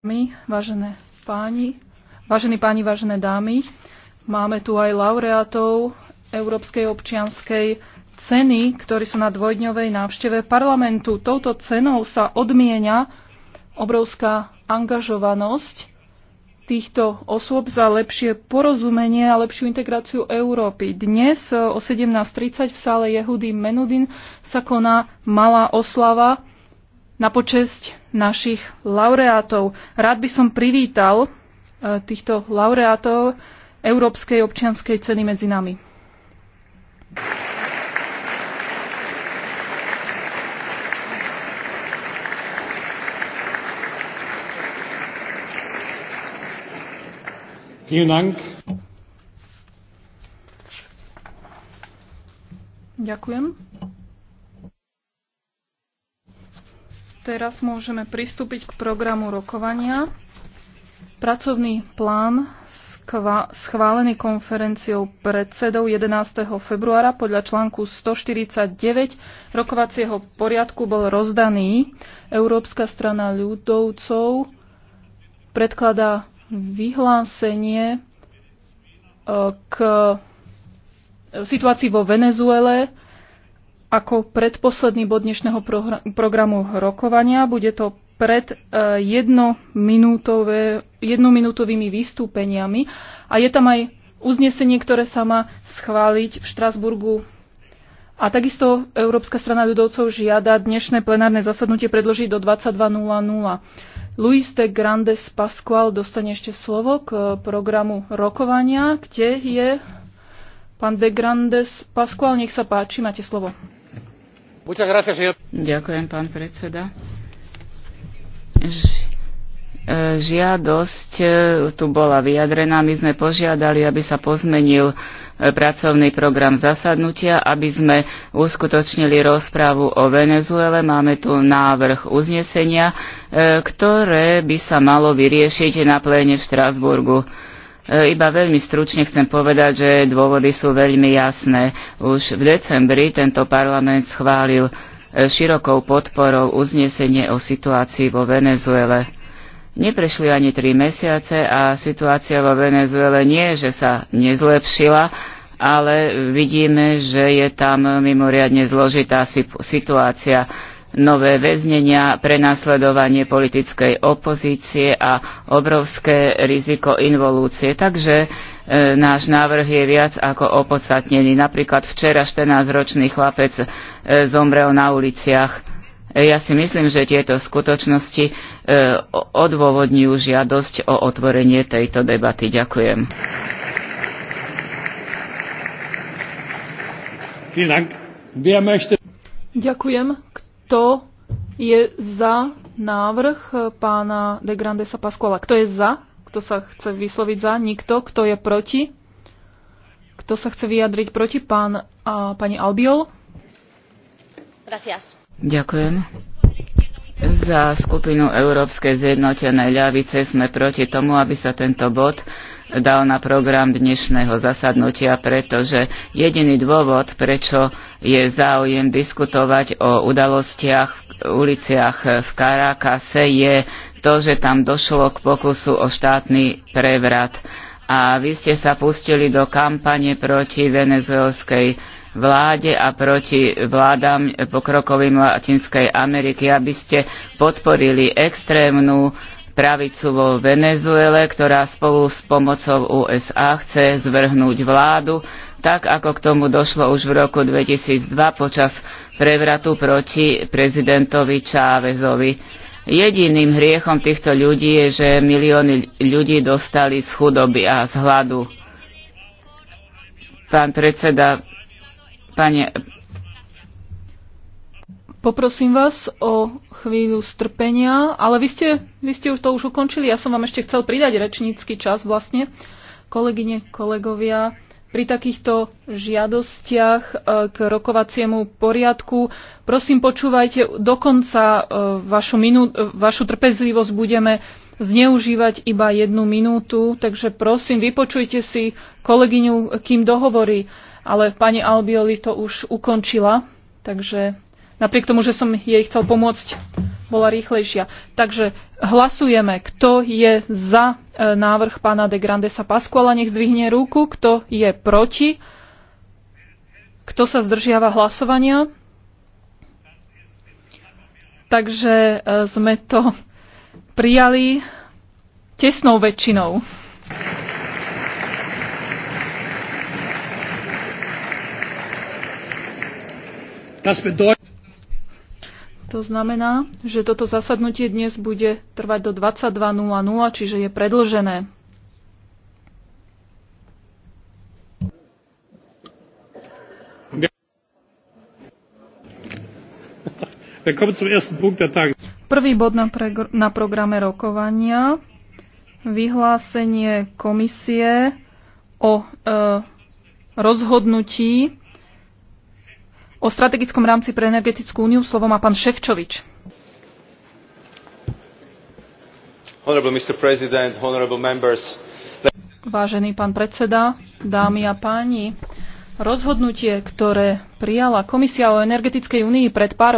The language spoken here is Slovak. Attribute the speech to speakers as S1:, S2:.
S1: dámy, vážené páni, vážení páni, vážené dámy, máme tu aj laureátov Európskej občianskej ceny, ktorí sú na dvojdňovej návšteve parlamentu. Touto cenou sa odmienia obrovská angažovanosť týchto osôb za lepšie porozumenie a lepšiu integráciu Európy. Dnes o 17.30 v sále Jehudy Menudin sa koná malá oslava na počesť našich laureátov. Rád by som privítal e, týchto laureátov Európskej občianskej ceny medzi nami. Ďakujem. Teraz môžeme pristúpiť k programu rokovania. Pracovný plán schválený konferenciou predsedov 11. februára podľa článku 149 rokovacieho poriadku bol rozdaný. Európska strana ľudovcov predkladá vyhlásenie e, k e, situácii vo Venezuele ako predposledný bod dnešného programu rokovania bude to pred e, jednominútovými vystúpeniami a je tam aj uznesenie, ktoré sa má schváliť v Štrasburgu. A takisto Európska strana ľudovcov žiada dnešné plenárne zasadnutie predložiť do 22.00. Luis de Grandes Pascual dostane ešte slovo k programu rokovania, kde je pán de Grandes Pascual. Nech sa páči, máte slovo. Ďakujem,
S2: pán predseda. E, žiadosť e, tu bola vyjadrená. My sme požiadali, aby sa pozmenil e, pracovný program zasadnutia, aby sme uskutočnili rozprávu o Venezuele. Máme tu návrh uznesenia, ktoré by sa malo vyriešiť na pléne v Štrásburgu. E, iba veľmi stručne chcem povedať, že dôvody sú veľmi jasné. Už v decembri tento parlament schválil e, širokou podporou uznesenie o situácii vo Venezuele. Neprešli ani tri mesiace a situácia vo Venezuele nie, že sa nezlepšila, ale vidíme, že je tam mimoriadne zložitá situácia nové väznenia, prenasledovanie politickej opozície a obrovské riziko involúcie. Takže e, náš návrh je viac ako opodstatnený. Napríklad včera 14-ročný chlapec e, zomrel na uliciach. E, ja si myslím, že tieto skutočnosti e, odôvodňujú žiadosť o otvorenie tejto debaty. Ďakujem.
S1: Ďakujem. Kto je za návrh pána de Grandesa Pasquala? Kto je za? Kto sa chce vysloviť za? Nikto. Kto je proti? Kto sa chce vyjadriť proti? Pán a pani Albiol? Gracias.
S2: Ďakujem. Za skupinu Európskej zjednotenej ľavice sme proti tomu, aby sa tento bod dal na program dnešného zasadnutia, pretože jediný dôvod, prečo je záujem diskutovať o udalostiach v uliciach v Karakase, je to, že tam došlo k pokusu o štátny prevrat. A vy ste sa pustili do kampane proti venezuelskej vláde a proti vládam pokrokovým Latinskej Ameriky, aby ste podporili extrémnu pravicu vo Venezuele, ktorá spolu s pomocou USA chce zvrhnúť vládu, tak ako k tomu došlo už v roku 2002 počas prevratu proti prezidentovi Čávezovi. Jediným hriechom týchto ľudí je, že milióny ľudí dostali z chudoby a z hladu. Pán predseda, pane,
S1: Poprosím vás o chvíľu strpenia, ale vy ste, vy ste to už ukončili. Ja som vám ešte chcel pridať rečnícky čas vlastne. Kolegyne, kolegovia, pri takýchto žiadostiach e, k rokovaciemu poriadku, prosím počúvajte, dokonca e, vašu, minú, e, vašu trpezlivosť budeme zneužívať iba jednu minútu, takže prosím, vypočujte si kolegyňu, kým dohovorí. Ale pani Albioli to už ukončila, takže napriek tomu, že som jej chcel pomôcť, bola rýchlejšia. Takže hlasujeme, kto je za e, návrh pána de Grandesa Pasquala, nech zdvihne ruku, kto je proti, kto sa zdržiava hlasovania. Takže e, sme to prijali tesnou väčšinou. Das bedeutet, to znamená, že toto zasadnutie dnes bude trvať do 22.00, čiže je predlžené. Prvý bod na, pregr- na programe rokovania. Vyhlásenie komisie o e, rozhodnutí o strategickom rámci pre energetickú úniu. Slovo má pán Ševčovič. Vážený pán predseda, dámy a páni, rozhodnutie, ktoré prijala Komisia o energetickej únii pred pár